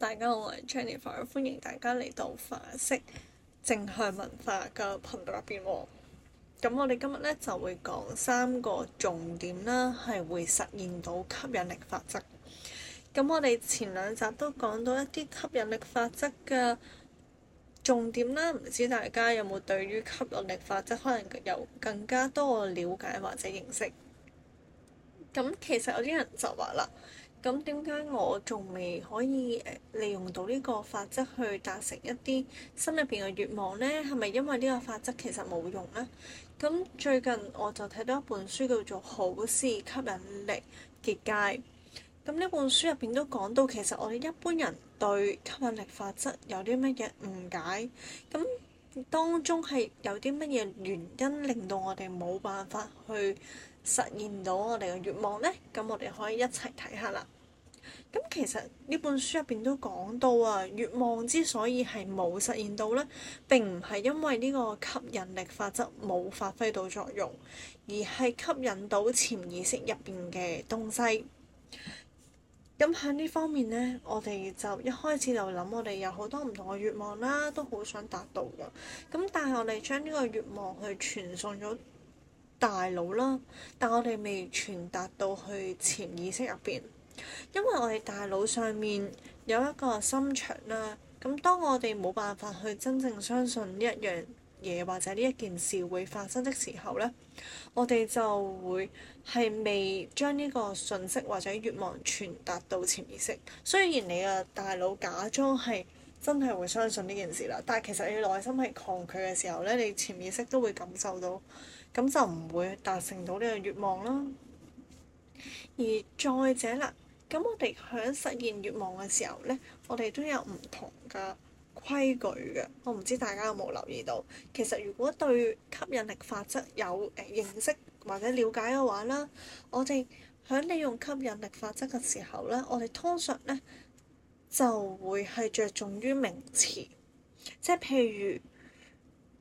大家好，我係 Jennifer，歡迎大家嚟到法式正向文化嘅頻道入邊。咁我哋今日咧就會講三個重點啦，係會實現到吸引力法則。咁我哋前兩集都講到一啲吸引力法則嘅重點啦，唔知大家有冇對於吸引力法則可能有更加多嘅了解或者認識？咁其實有啲人就話啦。咁點解我仲未可以誒利用到呢個法則去達成一啲心入邊嘅願望咧？係咪因為呢個法則其實冇用咧？咁最近我就睇到一本書叫做《好事吸引力結界》。咁呢本書入邊都講到其實我哋一般人對吸引力法則有啲乜嘢誤解，咁當中係有啲乜嘢原因令到我哋冇辦法去實現到我哋嘅願望咧？咁我哋可以一齊睇下啦。咁其實呢本書入邊都講到啊，願望之所以係冇實現到咧，並唔係因為呢個吸引力法則冇發揮到作用，而係吸引到潛意識入邊嘅東西。咁喺呢方面咧，我哋就一開始就諗，我哋有好多唔同嘅願望啦，都好想達到噶。咁但係我哋將呢個願望去傳送咗大腦啦，但我哋未傳達到去潛意識入邊。因為我哋大腦上面有一個心牆啦，咁當我哋冇辦法去真正相信一樣嘢或者呢一件事會發生嘅時候呢，我哋就會係未將呢個信息或者願望傳達到潛意識。雖然你嘅大腦假裝係真係會相信呢件事啦，但係其實你內心係抗拒嘅時候呢，你潛意識都會感受到，咁就唔會達成到呢個願望啦。而再者啦～咁我哋喺實現願望嘅時候咧，我哋都有唔同嘅規矩嘅。我唔知大家有冇留意到，其實如果對吸引力法則有誒、呃、認識或者了解嘅話啦，我哋喺利用吸引力法則嘅時候咧，我哋通常咧就會係着重於名詞，即係譬如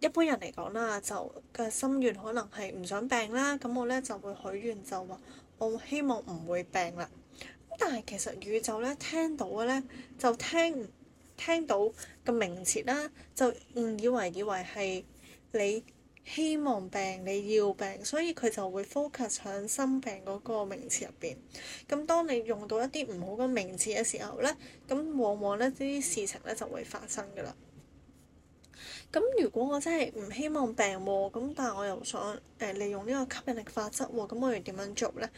一般人嚟講啦，就嘅心願可能係唔想病啦，咁我咧就會許願就話我希望唔會病啦。但係其實宇宙咧聽到嘅咧就聽聽到個名詞啦，就誤以為以為係你希望病，你要病，所以佢就會 focus 喺心病嗰個名詞入邊。咁當你用到一啲唔好嘅名詞嘅時候咧，咁往往咧呢啲事情咧就會發生㗎啦。咁如果我真係唔希望病喎，咁但係我又想誒、呃、利用呢個吸引力法則喎，咁我要點樣做咧？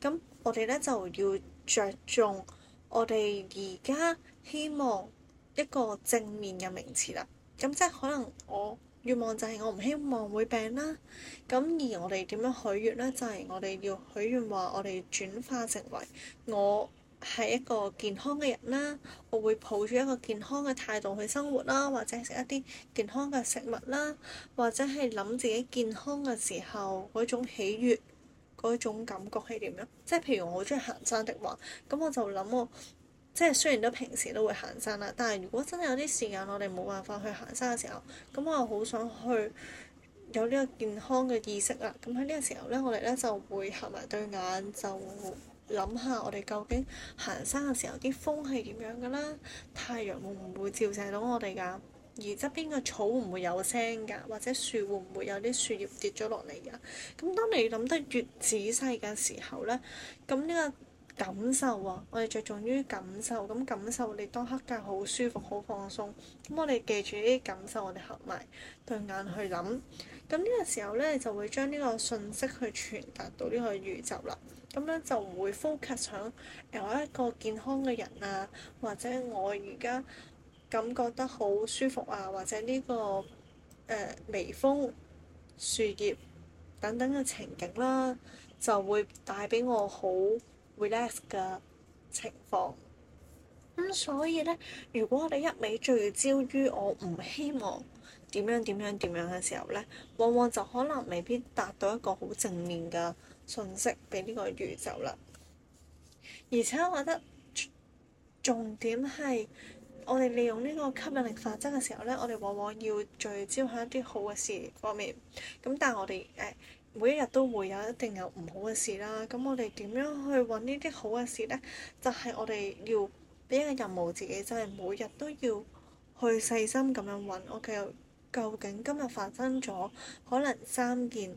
咁我哋咧就要着重我哋而家希望一個正面嘅名詞啦。咁即係可能我願望就係我唔希望會病啦。咁而我哋點樣許願咧？就係、是、我哋要許願話，我哋轉化成為我係一個健康嘅人啦。我會抱住一個健康嘅態度去生活啦，或者食一啲健康嘅食物啦，或者係諗自己健康嘅時候嗰種喜悅。嗰種感覺係點樣？即係譬如我好中意行山的話，咁我就諗我即係雖然都平時都會行山啦，但係如果真係有啲時間我哋冇辦法去行山嘅時候，咁我又好想去有呢個健康嘅意識啦。咁喺呢個時候咧，我哋咧就會合埋對眼就諗下我哋究竟行山嘅時候啲風係點樣㗎啦，太陽會唔會照射到我哋㗎？而側邊嘅草會唔會有聲㗎？或者樹會唔會有啲樹葉跌咗落嚟㗎？咁當你諗得越仔細嘅時候咧，咁呢個感受啊，我哋着重於感受，咁感受你當刻嘅好舒服、好放鬆。咁我哋記住呢啲感受，我哋合埋對眼去諗。咁呢個時候咧，就會將呢個訊息去傳達到呢個宇宙啦。咁咧就唔會 focus 喺有一個健康嘅人啊，或者我而家。感覺得好舒服啊，或者呢、這個誒、呃、微風、樹葉等等嘅情景啦，就會帶俾我好 relax 嘅情況。咁、嗯、所以咧，如果我哋一味聚焦於我唔希望點樣點樣點樣嘅時候咧，往往就可能未必達到一個好正面嘅訊息俾呢個宇宙啦。而且我覺得重點係。我哋利用呢個吸引力法則嘅時候咧，我哋往往要聚焦喺一啲好嘅事的方面。咁但係我哋誒、呃、每一日都會有一定有唔好嘅事啦。咁我哋點樣去揾呢啲好嘅事咧？就係、是、我哋要俾一個任務自己，就係、是、每日都要去細心咁樣揾我哋究竟今日發生咗可能三件。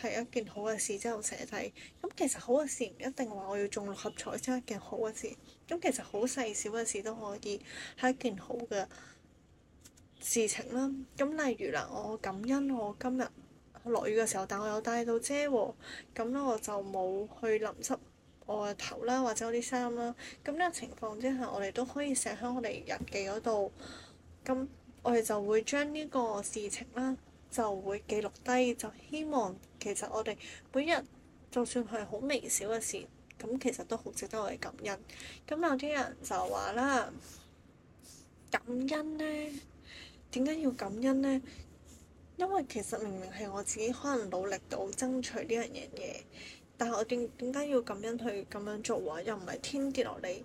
係一件好嘅事，即係我成日寫低。咁其實好嘅事唔一定話我要中六合彩先係一件好嘅事。咁其實好細小嘅事都可以係一件好嘅事情啦。咁例如啦，我感恩我今日落雨嘅時候，但我有帶到遮喎。咁咧我就冇去淋濕我嘅頭啦，或者我啲衫啦。咁呢個情況之下，我哋都可以寫喺我哋日記嗰度。咁我哋就會將呢個事情啦。就會記錄低，就希望其實我哋每日就算係好微小嘅事，咁其實都好值得我哋感恩。咁有啲人就話啦，感恩呢，點解要感恩呢？因為其實明明係我自己可能努力到爭取呢樣嘢，但係我點點解要感恩去咁樣做啊？又唔係天跌落嚟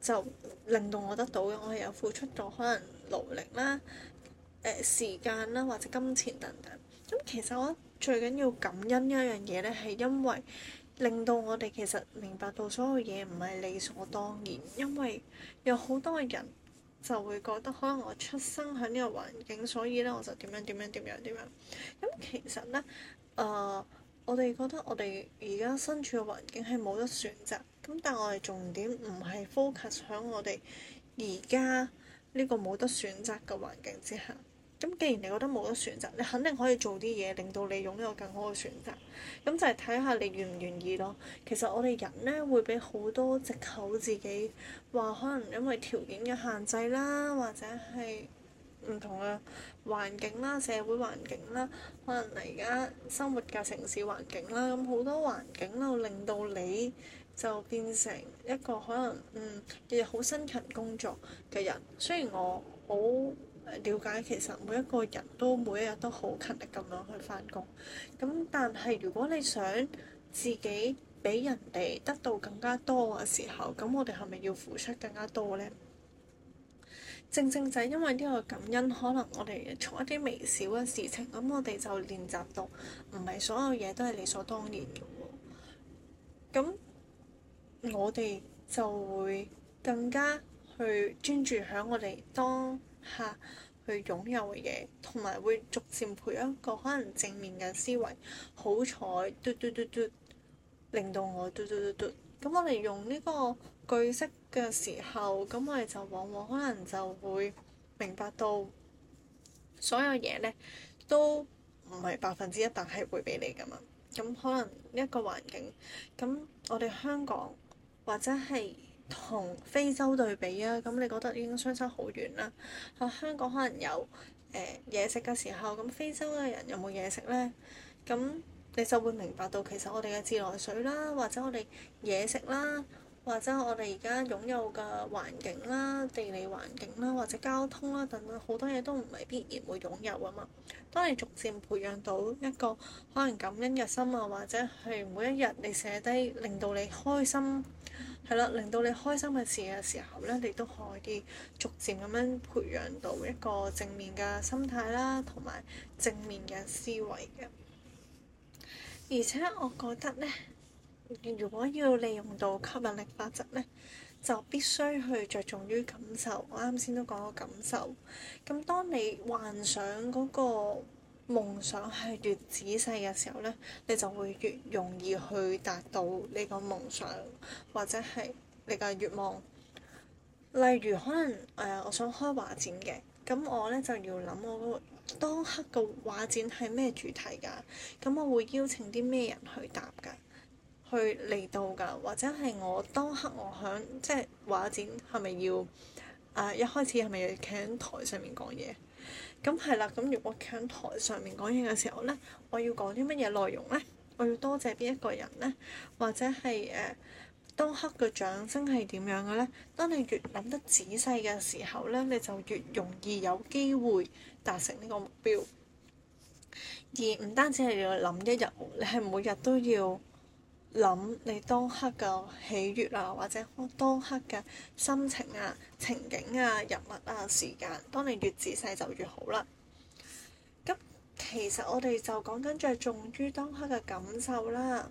就令到我得到嘅，我係有付出到可能努力啦。誒、呃、時間啦，或者金錢等等。咁、嗯、其實我最緊要感恩一樣嘢咧，係因為令到我哋其實明白到所有嘢唔係理所當然。因為有好多人就會覺得可能我出生喺呢個環境，所以咧我就點樣點樣點樣點樣。咁、嗯、其實咧，誒、呃、我哋覺得我哋而家身處嘅環境係冇得選擇。咁但係我哋重點唔係 focus 喺我哋而家呢個冇得選擇嘅環境之下。咁既然你覺得冇得選擇，你肯定可以做啲嘢，令到你擁有更好嘅選擇。咁就係睇下你願唔願意咯。其實我哋人咧會俾好多借口自己，話可能因為條件嘅限制啦，或者係唔同嘅環境啦、社會環境啦，可能你而家生活嘅城市環境啦，咁好多環境啦，令到你就變成一個可能，嗯，日日好辛勤工作嘅人。雖然我好。了解其實每一個人都每一日都好勤力咁樣去翻工，咁但係如果你想自己俾人哋得到更加多嘅時候，咁我哋係咪要付出更加多咧？正正就係因為呢個感恩，可能我哋從一啲微小嘅事情，咁我哋就練習到，唔係所有嘢都係理所當然嘅。咁我哋就會更加去專注響我哋當下去擁有嘅嘢，同埋會逐漸培養一個可能正面嘅思維。好彩，嘟嘟嘟嘟，令到我嘟嘟嘟嘟。咁我哋用呢個句式嘅時候，咁我哋就往往可能就會明白到所有嘢呢都唔係百分之一百係會俾你㗎嘛。咁可能呢一個環境，咁我哋香港或者係，同非洲對比啊，咁你覺得已經相差好遠啦。香港可能有呃，嘢食嘅時候，咁非洲嘅人有冇嘢食咧？咁你就會明白到其實我哋嘅自來水啦，或者我哋嘢食啦。或者我哋而家擁有嘅環境啦、地理環境啦、或者交通啦等等，好多嘢都唔係必然會擁有㗎嘛。當你逐漸培養到一個可能感恩嘅心啊，或者係每一日你寫低令到你開心，係啦，令到你開心嘅事嘅時候咧，你都可以逐漸咁樣培養到一個正面嘅心態啦，同埋正面嘅思維嘅。而且我覺得咧。如果要利用到吸引力法則咧，就必須去著重於感受。我啱先都講過感受。咁當你幻想嗰個夢想係越仔細嘅時候咧，你就會越容易去達到你個夢想或者係你嘅願望。例如可能誒、呃，我想開畫展嘅，咁我咧就要諗我當刻個畫展係咩主題㗎？咁我會邀請啲咩人去搭㗎？去嚟到㗎，或者係我當刻我響即係畫展係咪要誒、呃、一開始係咪要企喺台上面講嘢？咁係啦，咁如果企喺台上面講嘢嘅時候咧，我要講啲乜嘢內容咧？我要多謝邊一個人咧？或者係誒、呃、當刻嘅掌聲係點樣嘅咧？當你越諗得仔細嘅時候咧，你就越容易有機會達成呢個目標。而唔單止係要諗一日，你係每日都要。諗你當刻嘅喜悅啊，或者當刻嘅心情啊、情景啊、人物啊、時間。當你越仔細就越好啦。咁、嗯、其實我哋就講緊，着重於當刻嘅感受啦、啊。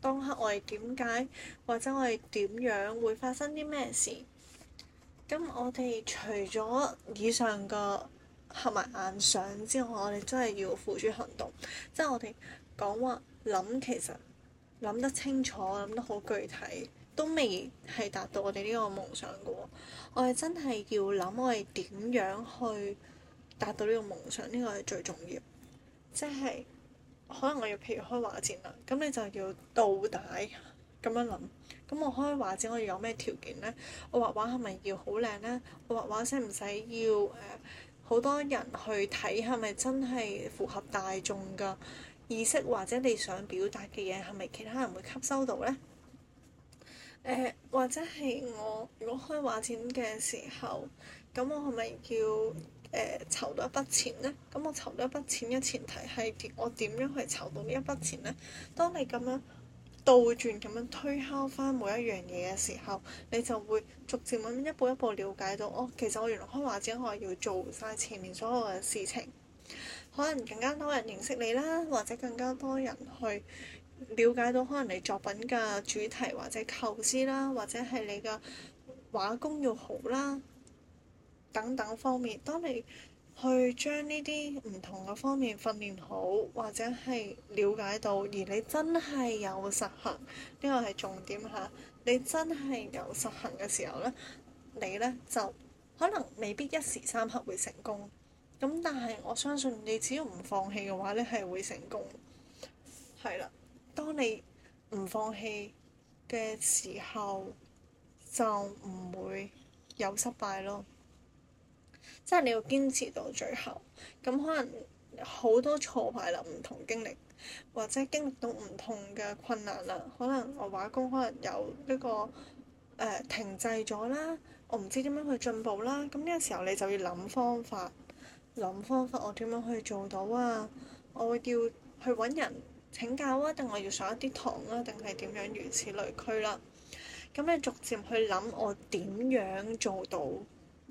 當刻我哋點解或者我哋點樣會發生啲咩事？咁、嗯嗯、我哋除咗以上個合埋眼想之外，我哋真係要付諸行動，即、就、係、是、我哋講話諗，其實。諗得清楚，諗得好具體，都未係達到我哋呢個夢想嘅。我係真係要諗我係點樣去達到呢個夢想，呢個係最重要。即係可能我要譬如開畫展啦，咁你就要到底，咁樣諗。咁我開畫展，我哋有咩條件呢？我畫畫係咪要好靚呢？我畫畫使唔使要誒好多人去睇，係咪真係符合大眾㗎？意識或者你想表達嘅嘢，係咪其他人會吸收到咧？誒、呃，或者係我如果開畫展嘅時候，咁我係咪要誒、呃、籌到一筆錢咧？咁我籌到一筆錢嘅前提係我點樣去籌到呢一筆錢咧？當你咁樣倒轉咁樣推敲翻每一樣嘢嘅時候，你就會逐漸咁一步一步了解到，哦，其實我原來開畫展我係要做晒前面所有嘅事情。可能更加多人認識你啦，或者更加多人去了解到可能你作品嘅主題或者構思啦，或者係你嘅畫工要好啦等等方面。當你去將呢啲唔同嘅方面訓練好，或者係了解到，而你真係有實行，呢個係重點嚇。你真係有實行嘅時候咧，你咧就可能未必一時三刻會成功。咁但係我相信你，只要唔放棄嘅話咧，你係會成功係啦。當你唔放棄嘅時候，就唔會有失敗咯。即係你要堅持到最後。咁可能好多挫敗啦，唔同經歷，或者經歷到唔同嘅困難啦。可能我畫功可能有呢、這個誒、呃、停滯咗啦，我唔知點樣去進步啦。咁呢個時候你就要諗方法。諗方法，我點樣去做到啊？我會要去揾人請教啊，定我要上一啲堂啊，定係點樣？如此類區啦、啊。咁你逐漸去諗我點樣做到，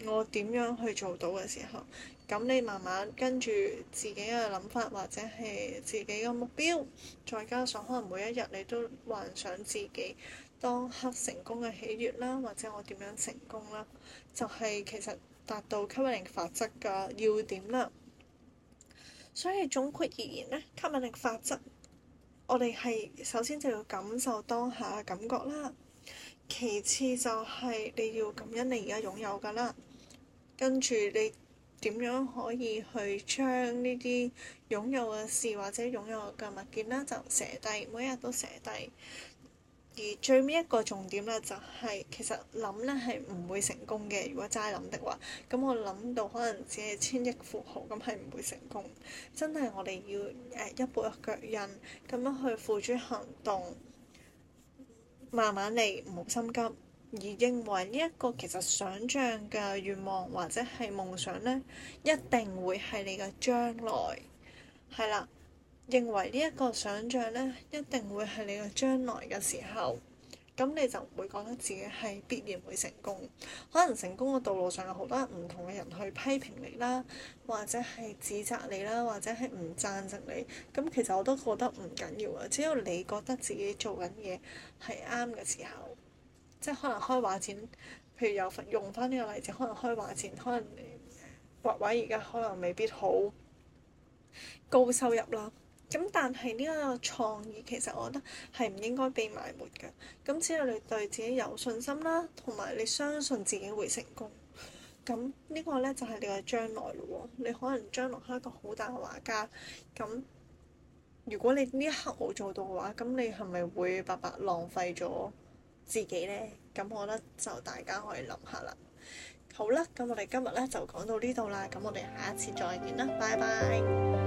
我點樣去做到嘅時候，咁你慢慢跟住自己嘅諗法或者係自己嘅目標，再加上可能每一日你都幻想自己當刻成功嘅喜悅啦，或者我點樣成功啦，就係、是、其實。達到吸引力法則嘅要點啦，所以總括而言咧，吸引力法則，我哋係首先就要感受當下嘅感覺啦，其次就係你要感恩你而家擁有㗎啦，跟住你點樣可以去將呢啲擁有嘅事或者擁有嘅物件咧，就寫低，每日都寫低。而最尾一個重點咧，就是，就係其實諗咧係唔會成功嘅。如果齋諗的話，咁我諗到可能只係千億富豪，咁係唔會成功。真係我哋要一步一個腳印咁樣去付諸行動，慢慢嚟，唔好心急。而認為呢一個其實想像嘅願望或者係夢想呢，一定會係你嘅將來，係啦。認為呢一個想像咧，一定會係你嘅將來嘅時候，咁你就唔會覺得自己係必然會成功。可能成功嘅道路上有好多唔同嘅人去批評你啦，或者係指責你啦，或者係唔贊成你。咁其實我都覺得唔緊要啊。只要你覺得自己做緊嘢係啱嘅時候，即係可能開畫展。譬如有份用翻呢個例子，可能開畫展，可能你畫畫而家可能未必好高收入啦。咁但係呢一個創意，其實我覺得係唔應該被埋沒嘅。咁只要你對自己有信心啦，同埋你相信自己會成功。咁呢個咧就係你嘅將來咯。你可能將來係一個好大嘅畫家。咁如果你呢一刻冇做到嘅話，咁你係咪會白白浪費咗自己咧？咁我覺得就大家可以諗下啦。好啦，咁我哋今日咧就講到呢度啦。咁我哋下一次再見啦，拜拜。